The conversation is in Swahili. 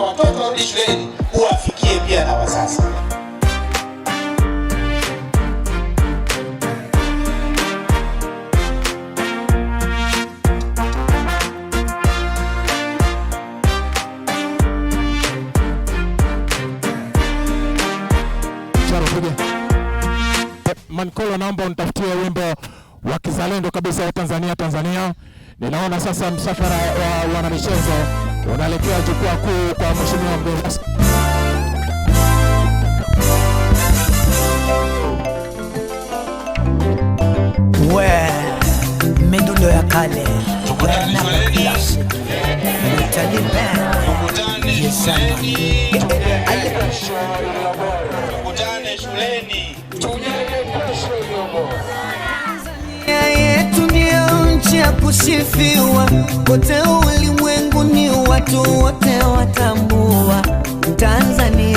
kwa watoto warudi shuleni, uwafikie pia na wazazi. Mankolo, naomba unitafutie wimbo wa kizalendo kabisa wa Tanzania Tanzania. Ninaona sasa msafara wa wanamichezo Tunaelekea jukwaa kuu kwa mheshimiwa mgeni rasmi. We midundo ya kale yetu ndio nchi ya kusifiwa kote watu wote watambua Tanzania